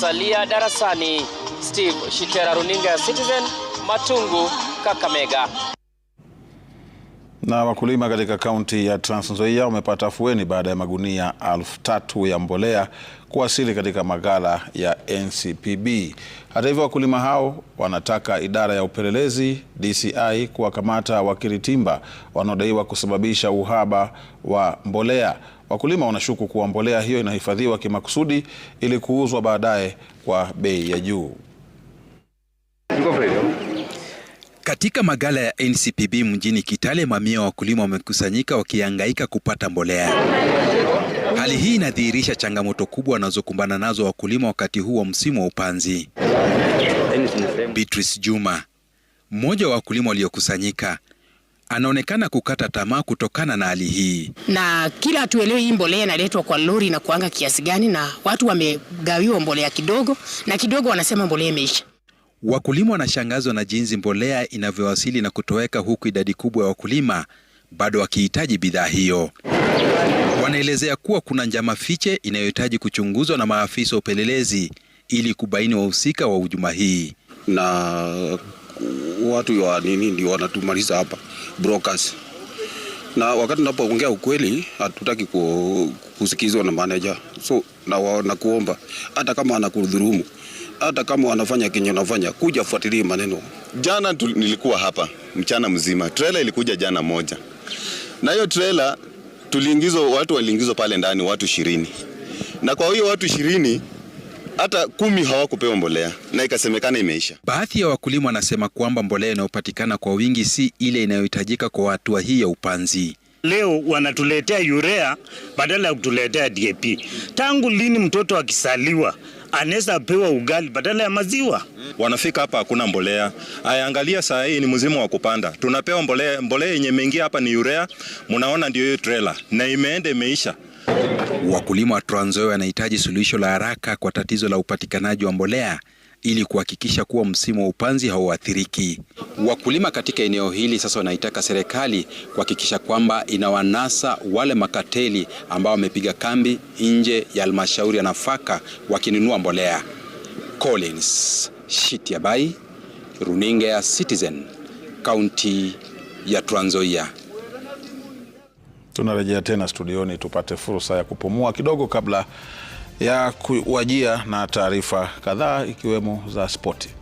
kusalia darasani. Steve Shitera, runinga ya Citizen, Matungu, Kakamega. Na wakulima katika kaunti ya Trans Nzoia wamepata afueni baada ya magunia elfu tatu ya mbolea kuwasili katika maghala ya NCPB. Hata hivyo, wakulima hao wanataka idara ya upelelezi DCI kuwakamata wakiritimba wanaodaiwa kusababisha uhaba wa mbolea. Wakulima wanashuku kuwa mbolea hiyo inahifadhiwa kimakusudi ili kuuzwa baadaye kwa bei ya juu. Katika magala ya NCPB mjini Kitale, mamia wa wakulima wamekusanyika wakihangaika kupata mbolea. Hali hii inadhihirisha changamoto kubwa wanazokumbana nazo wakulima wakati huu wa msimu wa upanzi. Yaani Beatrice Juma, mmoja wa wakulima waliokusanyika, anaonekana kukata tamaa kutokana na hali hii. Na kila hatuelewi hii mbolea inaletwa kwa lori na kuanga kiasi gani, na watu wamegawiwa mbolea kidogo na kidogo, wanasema mbolea imeisha. Wakulima wanashangazwa na jinsi mbolea inavyowasili na kutoweka, huku idadi kubwa ya wakulima bado wakihitaji bidhaa hiyo. Wanaelezea kuwa kuna njama fiche inayohitaji kuchunguzwa na maafisa wa upelelezi ili kubaini wahusika wa hujuma hii na watu wa nini ndio wanatumaliza hapa brokers. Na wakati tunapoongea ukweli, hatutaki kusikizwa na manager. So na, na kuomba hata kama anakudhulumu, hata kama wanafanya kinyo nafanya, kuja fuatilie maneno. Jana tu, nilikuwa hapa mchana mzima, trailer ilikuja jana moja, na hiyo trailer tuliingizwa, watu waliingizwa pale ndani watu ishirini, na kwa hiyo watu ishirini hata kumi hawakupewa mbolea na ikasemekana imeisha. Baadhi ya wakulima wanasema kwamba mbolea inayopatikana kwa wingi si ile inayohitajika kwa hatua hii ya upanzi. Leo wanatuletea urea badala ya kutuletea DAP. Tangu lini mtoto akisaliwa anaweza pewa ugali badala ya maziwa? Wanafika hapa hakuna mbolea. Ayaangalia saa hii ni mzimu wa kupanda, tunapewa mbolea. Mbolea yenye imeingia hapa ni urea, mnaona ndio hiyo trela, na imeenda imeisha. Wakulima wa Trans Nzoia wanahitaji suluhisho la haraka kwa tatizo la upatikanaji wa mbolea ili kuhakikisha kuwa msimu wa upanzi hauathiriki. Wakulima katika eneo hili sasa wanaitaka serikali kuhakikisha kwamba inawanasa wale makateli ambao wamepiga kambi nje ya halmashauri ya nafaka wakinunua mbolea. Collins Shitiabai, runinga ya Citizen, kaunti ya Trans Nzoia. Tunarejea tena studioni tupate fursa ya kupumua kidogo kabla ya kuwajia na taarifa kadhaa ikiwemo za spoti.